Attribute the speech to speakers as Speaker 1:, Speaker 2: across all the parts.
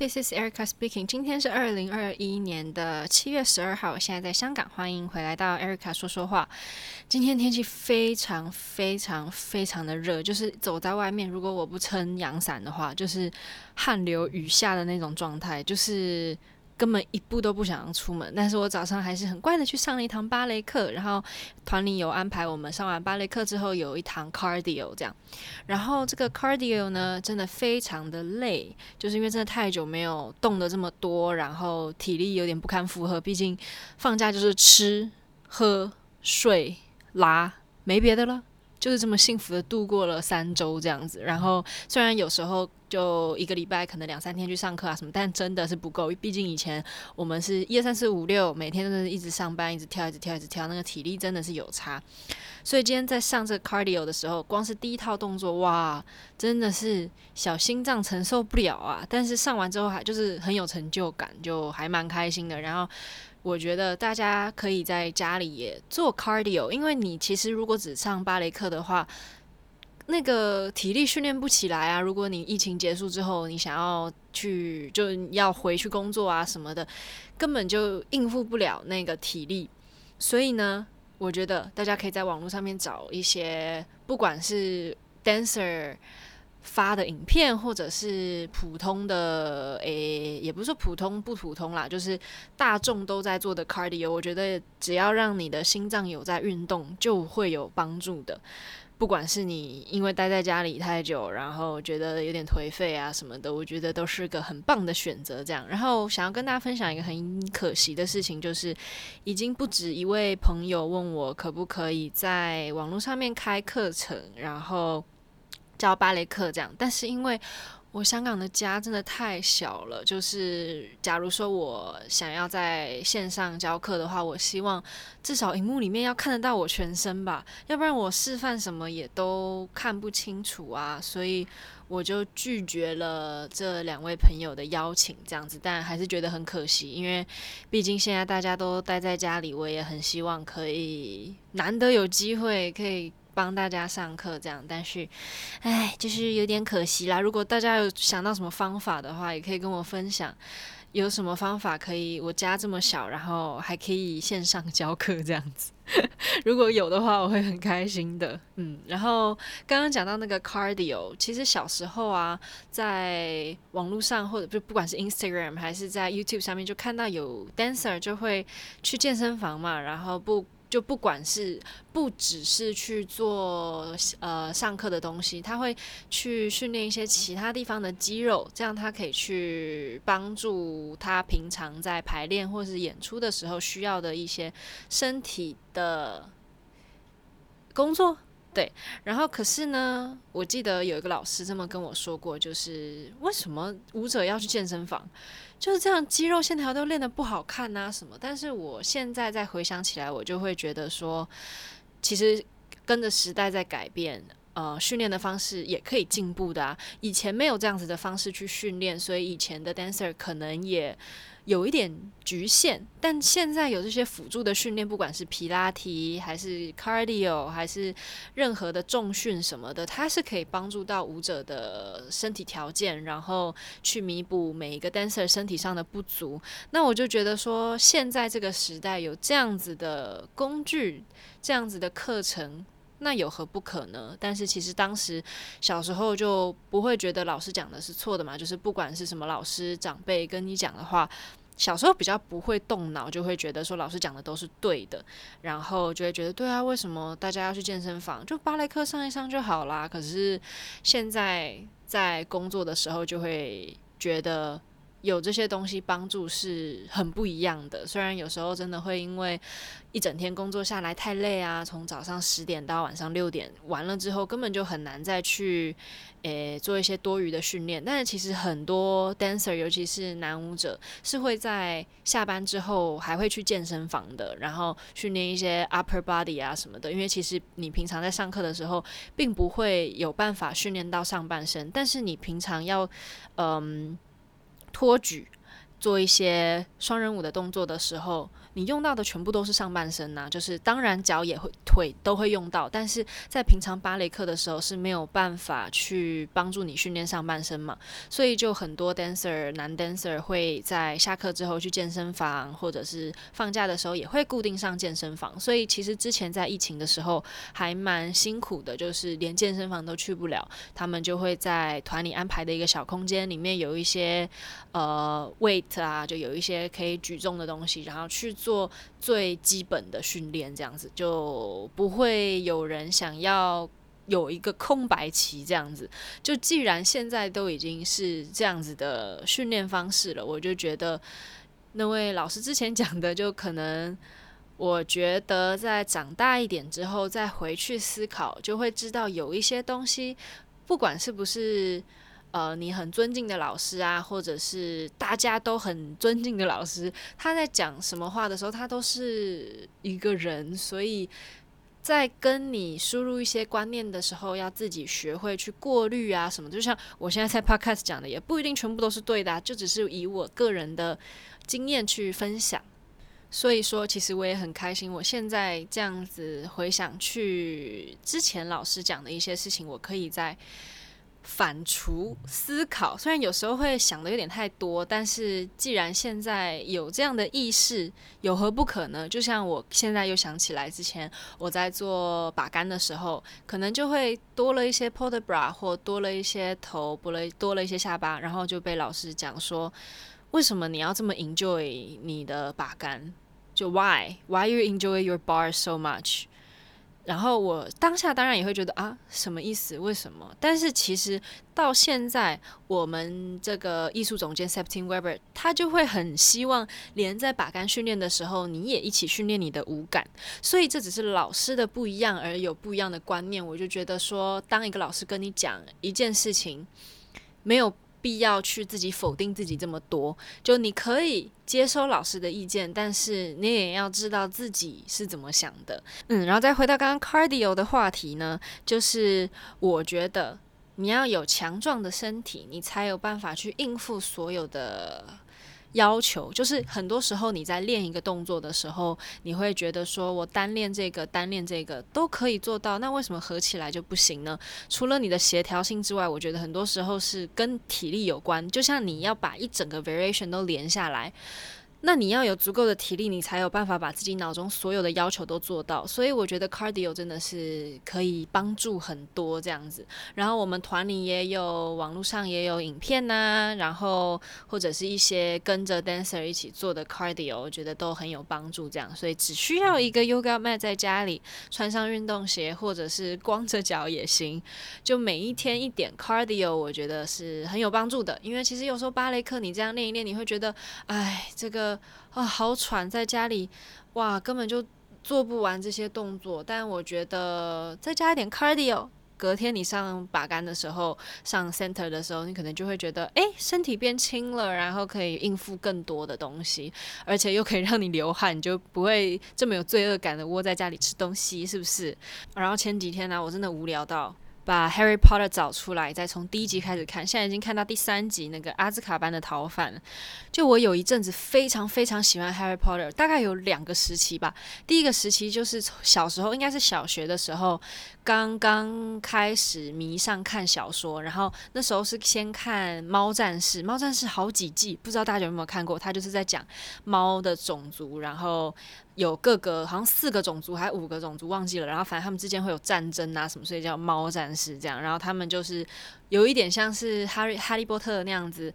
Speaker 1: This is Erica speaking. 今天是二零二一年的七月十二號，我現在在香港，歡迎回來到 Erica 說說話。今天天氣非常非常非常的熱，就是走在外面，如果我不撐陽傘的話，就是汗流雨下的那種狀態，就是。根本一步都不想出門，但是我早上還是很乖的去上了一堂芭蕾課，然後團裡有安排我們上完芭蕾課之後有一堂 cardio 這樣，然後這個 cardio 呢真的非常的累，就是因為真的太久沒有動得這麼多，然後體力有點不堪負荷，畢竟放假就是吃喝睡拉沒別的了，就是這麼幸福的度過了三周這樣子，然後雖然有時候。就一個禮拜可能兩三天去上課啊什麼，但真的是不夠，畢竟以前我們是一二三四五六，每天都是一直上班，一直跳，一直跳，一直跳，那個體力真的是有差。所以今天在上這個 cardio 的時候，光是第一套動作，哇，真的是小心臟承受不了啊！但是上完之後還就是很有成就感，就還蠻開心的。然後我覺得大家可以在家裡也做 cardio，因為你其實如果只上芭蕾課的話。那個體力訓練不起來啊！如果你疫情結束之後，你想要去就要回去工作啊什麼的，根本就應付不了那個體力。所以呢，我覺得大家可以在網絡上面找一些，不管是 dancer 發的影片，或者是普通的，誒，也不是說普通不普通啦，就是大眾都在做的 cardio。我覺得只要讓你的心臟有在運動，就會有幫助的。不管是你因為待在家裡太久，然後覺得有點頹廢啊什麼的，我覺得都是個很棒的選擇。這樣，然後想要跟大家分享一個很可惜的事情，就是已經不止一位朋友問我可不可以在網絡上面開課程，然後教芭蕾課這樣。但是因為我香港的家真的太小了，就是假如說我想要在線上教課的話，我希望至少螢幕裡面要看得到我全身吧，要不然我示範什麼也都看不清楚啊，所以我就拒絕了這兩位朋友的邀請，這樣子，但還是覺得很可惜，因為畢竟現在大家都待在家裡，我也很希望可以難得有機會可以，幫大家上課這樣，但是，唉，就是有點可惜啦。如果大家有想到什麼方法的話，也可以跟我分享。有什麼方法可以我家這麼小，然後還可以線上教課這樣子？ 如果有的話，我會很開心的。嗯，然後剛剛講到那個 cardio，其實小時候啊，在網絡上或者不不管是 Instagram 還是在 YouTube 上面，就看到有 dancer 就會去健身房嘛，然後不。就不管是，不只是去做，呃，上課的東西，他會去訓練一些其他地方的肌肉，這樣他可以去幫助他平常在排練或是演出的時候需要的一些身體的工作。對，然後可是呢，我記得有一個老師這麼跟我說過，就是為什麼舞者要去健身房，就是這樣肌肉線條都練得不好看啊什麼？但是我現在再回想起來，我就會覺得說，其實跟着時代在改變，呃，訓練的方式也可以進步的啊。以前沒有這樣子的方式去訓練，所以以前的 dancer 可能也。有一點局限，但現在有這些輔助的訓練，不管是皮拉提還是 cardio，還是任何的重訓什麼的，它是可以幫助到舞者的身體條件，然後去彌補每一個 dancer 身體上的不足。那我就覺得說，現在這個時代有這樣子的工具，這樣子的課程。那有何不可呢？但是其實當時小時候就不會覺得老師講的是錯的嘛，就是不管是什麼老師長輩跟你講的話，小時候比較不會動腦，就會覺得說老師講的都是對的，然後就會覺得對啊，為什麼大家要去健身房？就芭蕾課上一上就好啦。可是現在在工作的時候就會覺得。有這些東西幫助是很不一樣的。雖然有時候真的會因為一整天工作下來太累啊，從早上十點到晚上六點完了之後，根本就很難再去誒、欸、做一些多餘的訓練。但是其實很多 dancer，尤其是男舞者，是會在下班之後還會去健身房的，然後訓練一些 upper body 啊什麼的。因為其實你平常在上課的時候，並不會有辦法訓練到上半身，但是你平常要嗯。托舉，做一些雙人舞的動作的時候，你用到的全部都是上半身吶、啊，就是當然腳也會、腿都會用到，但是在平常芭蕾課的時候是沒有辦法去幫助你訓練上半身嘛，所以就很多 dancer 男 dancer 會在下課之後去健身房，或者是放假的時候也會固定上健身房，所以其實之前在疫情的時候還蠻辛苦的，就是連健身房都去不了，他們就會在團裡安排的一個小空間裡面有一些呃 weight 啊，就有一些可以舉重的東西，然後去做。做最基本的訓練，這樣子就不會有人想要有一個空白期。這樣子，就既然現在都已經是這樣子的訓練方式了，我就覺得那位老師之前講的，就可能我覺得在長大一點之後再回去思考，就會知道有一些東西，不管是不是。呃，你很尊敬的老師啊，或者是大家都很尊敬的老師，他在講什麼話的時候，他都是一個人，所以在跟你輸入一些觀念的時候，要自己學會去過濾啊什麼。就像我現在在 Podcast 講的，也不一定全部都是對的啊，就只是以我個人的經驗去分享。所以說，其實我也很開心，我現在這樣子回想起之前老師講的一些事情，我可以在。反芻思考，雖然有時候會想的有點太多，但是既然現在有這樣的意識，有何不可呢？就像我現在又想起來，之前我在做把杆的時候，可能就會多了一些 port de bras 或多了一些頭，多了一些下巴，然後就被老師講說，為什麼你要這麼 enjoy 你的把杆？就 why why you enjoy your bar so much? 然後我當下當然也會覺得啊，什麼意思？為什麼？但是其實到現在，我們這個藝術總監 Septin Weber 他就會很希望，連在把杆訓練的時候，你也一起訓練你的五感。所以這只是老師的不一樣，而有不一樣的觀念。我就覺得說，當一個老師跟你講一件事情，沒有。必要去自己否定自己這麼多，就你可以接受老師的意見，但是你也要知道自己是怎麼想的，嗯，然後再回到剛剛 cardio 的話題呢，就是我覺得你要有強壯的身體，你才有辦法去應付所有的。要求就是，很多時候你在練一個動作的時候，你會覺得說，我單練這個、單練這個都可以做到，那為什麼合起來就不行呢？除了你的協調性之外，我覺得很多時候是跟體力有關。就像你要把一整個 variation 都連下來。那你要有足夠的體力，你才有辦法把自己腦中所有的要求都做到。所以我覺得 cardio 真的是可以幫助很多這樣子。然後我們團裡也有網絡上也有影片吶、啊，然後或者是一些跟着 dancer 一起做的 cardio，我覺得都很有幫助這樣。所以只需要一個 yoga mat 在家裡，穿上運動鞋或者是光着腳也行，就每一天一點 cardio，我覺得是很有幫助的。因為其實有時候芭蕾課你這樣練一練，你會覺得，哎，這個。啊、哦，好喘，在家裡，哇，根本就做不完這些動作。但我覺得再加一點 cardio，隔天你上把杆的時候，上 center 的時候，你可能就會覺得，誒、欸，身體變輕了，然後可以應付更多的東西，而且又可以讓你流汗，就不會這麼有罪惡感的窩在家裡吃東西，是不是？然後前幾天呢、啊，我真的無聊到。把《Harry Potter》找出來，再從第一集開始看。現在已經看到第三集，那個阿茲卡班的逃犯。就我有一陣子非常非常喜歡《Harry Potter》，大概有兩個時期吧。第一個時期就是從小時候，應該是小學的時候，剛剛開始迷上看小說。然後那時候是先看《貓戰士》，《貓戰士》好幾季，不知道大家有沒有看過？它就是在講貓的種族，然後有各個好像四個種族還五個種族忘記了，然後反正他們之間會有戰爭啊什麼，所以叫《貓戰士》。是這樣，然後他們就是有一點像是哈利哈利波特那樣子。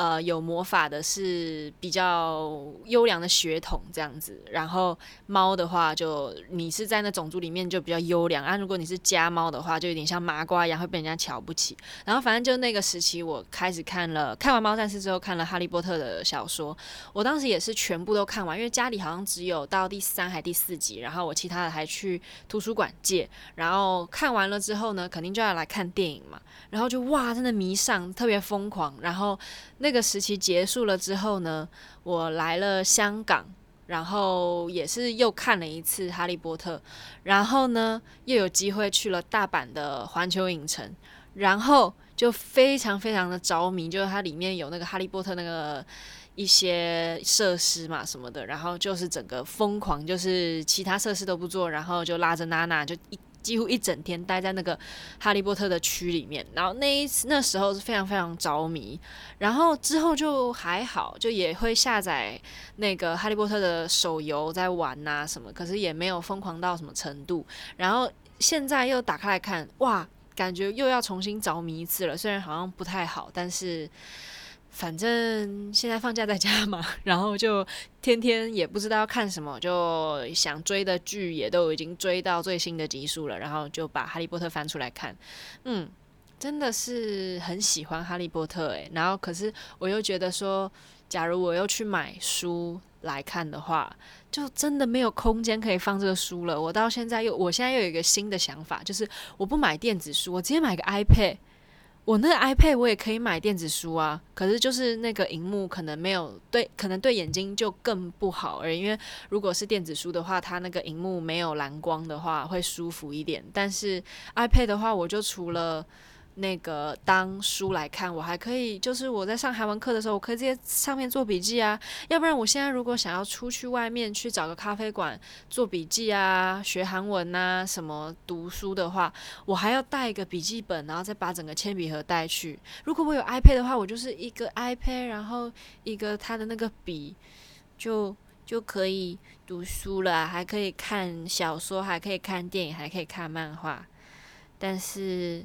Speaker 1: 呃，有魔法的是比較優良的血統這樣子，然後貓的話，就你是在那種族裡面就比較優良啊。如果你是家貓的話，就有點像麻瓜一樣會被人家瞧不起。然後反正就那個時期，我開始看了，看完《貓戰士》之後，看了《哈利波特》的小說，我當時也是全部都看完，因為家裡好像只有到第三還第四集，然後我其他的還去圖書館借。然後看完了之後呢，肯定就要來看電影嘛，然後就哇，真的迷上，特別瘋狂。然後那個。這個時期結束了之後呢，我來了香港，然後也是又看了一次《哈利波特》，然後呢又有機會去了大阪的環球影城，然後就非常非常的着迷，就是它裡面有那個《哈利波特》那個一些設施嘛什麼的，然後就是整個瘋狂，就是其他設施都不做，然後就拉着娜娜就一。幾乎一整天待在那個《哈利波特》的區裡面，然後那一次那時候是非常非常着迷，然後之後就還好，就也會下載那個《哈利波特》的手遊在玩吶、啊、什麼，可是也沒有瘋狂到什麼程度。然後現在又打開來看，哇，感覺又要重新着迷一次了，雖然好像不太好，但是。反正現在放假在家嘛，然後就天天也不知道看什麼，就想追的劇也都已經追到最新的集數了，然後就把《哈利波特》翻出來看。嗯，真的是很喜歡《哈利波特》誒。然後可是我又覺得說，假如我又去買書來看的話，就真的沒有空間可以放這個書了。我到現在又，我現在又有一個新的想法，就是我不買電子書，我直接買個 iPad。我那個 iPad 我也可以買電子書啊，可是就是那個熒幕可能沒有對，可能對眼睛就更不好而。而因為如果是電子書的話，它那個熒幕沒有藍光的話會舒服一點。但是 iPad 的話，我就除了。那個當書來看，我還可以，就是我在上韓文課的時候，我可以直接上面做筆記啊。要不然，我現在如果想要出去外面去找個咖啡館做筆記啊，學韓文啊，什麼讀書的話，我還要帶一個筆記本，然後再把整個鉛筆盒帶去。如果我有 iPad 的話，我就是一個 iPad，然後一個它的那個筆就就可以讀書了，還可以看小說，還可以看電影，還可以看漫畫。但是。